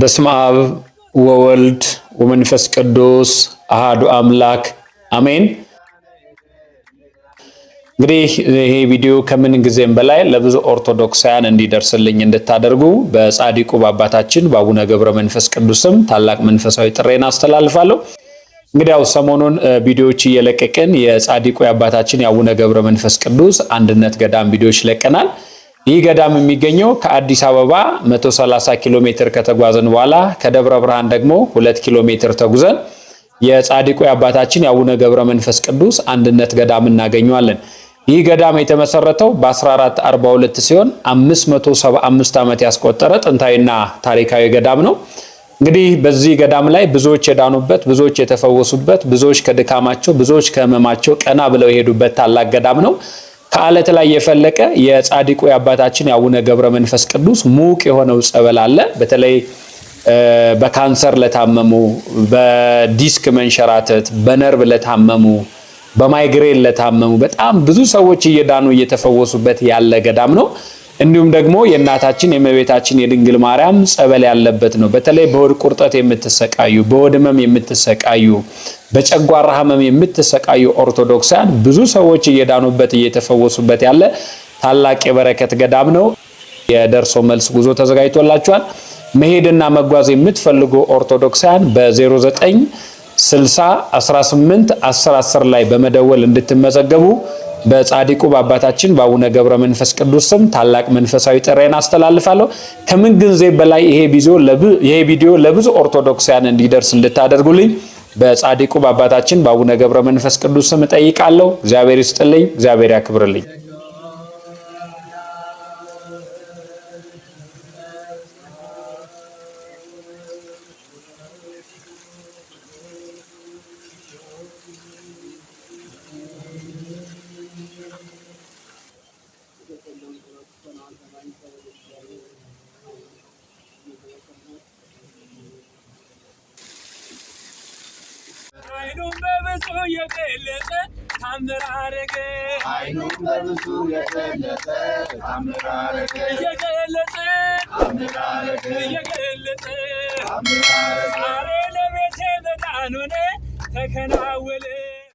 በስመ አብ ወወልድ ወመንፈስ ቅዱስ አሃዱ አምላክ አሜን። እንግዲህ ይሄ ቪዲዮ ከምን ጊዜም በላይ ለብዙ ኦርቶዶክሳውያን እንዲደርስልኝ እንድታደርጉ በጻድቁ በአባታችን በአቡነ ገብረ መንፈስ ቅዱስም ታላቅ መንፈሳዊ ጥሬን አስተላልፋለሁ። እንግዲህ ያው ሰሞኑን ቪዲዮዎች እየለቀቅን የጻድቁ የአባታችን የአቡነ ገብረ መንፈስ ቅዱስ አንድነት ገዳም ቪዲዮዎች ለቀናል። ይህ ገዳም የሚገኘው ከአዲስ አበባ 130 ኪሎ ሜትር ከተጓዘን በኋላ ከደብረ ብርሃን ደግሞ 2 ኪሎ ሜትር ተጉዘን የጻድቁ የአባታችን የአቡነ ገብረ መንፈስ ቅዱስ አንድነት ገዳም እናገኘዋለን። ይህ ገዳም የተመሰረተው በ1442 ሲሆን 575 ዓመት ያስቆጠረ ጥንታዊና ታሪካዊ ገዳም ነው። እንግዲህ በዚህ ገዳም ላይ ብዙዎች የዳኑበት፣ ብዙዎች የተፈወሱበት፣ ብዙዎች ከድካማቸው፣ ብዙዎች ከህመማቸው ቀና ብለው የሄዱበት ታላቅ ገዳም ነው። ከአለት ላይ የፈለቀ የጻድቁ የአባታችን የአቡነ ገብረ መንፈስ ቅዱስ ሙቅ የሆነው ጸበል አለ። በተለይ በካንሰር ለታመሙ፣ በዲስክ መንሸራተት፣ በነርቭ ለታመሙ፣ በማይግሬን ለታመሙ በጣም ብዙ ሰዎች እየዳኑ እየተፈወሱበት ያለ ገዳም ነው። እንዲሁም ደግሞ የእናታችን የእመቤታችን የድንግል ማርያም ጸበል ያለበት ነው። በተለይ በሆድ ቁርጠት የምትሰቃዩ፣ በሆድ ህመም የምትሰቃዩ፣ በጨጓራ ህመም የምትሰቃዩ ኦርቶዶክሳን ብዙ ሰዎች እየዳኑበት እየተፈወሱበት ያለ ታላቅ የበረከት ገዳም ነው። የደርሶ መልስ ጉዞ ተዘጋጅቶላችኋል። መሄድና መጓዝ የምትፈልጉ ኦርቶዶክሳን በ0960 18 10 10 ላይ በመደወል እንድትመዘገቡ በጻድቁ በአባታችን በአቡነ ገብረ መንፈስ ቅዱስ ስም ታላቅ መንፈሳዊ ጥሬን አስተላልፋለሁ። ከምን ጊዜ በላይ ይሄ ቪዲዮ ለብዙ ኦርቶዶክሳውያን እንዲደርስ እንድታደርጉልኝ በጻድቁ በአባታችን በአቡነ ገብረ መንፈስ ቅዱስ ስም እጠይቃለሁ። እግዚአብሔር ይስጥልኝ፣ እግዚአብሔር ያክብርልኝ። አይኑን በብዙ የገለጸ ታምር አረገ አይኑን በብዙ የገለጠ ታምር አረገ እየገለጠ ታምር አረገ እየገለጠ ታምር አረገ ዛሬ ለቤቴ መዳን ሆነ ተከናወለ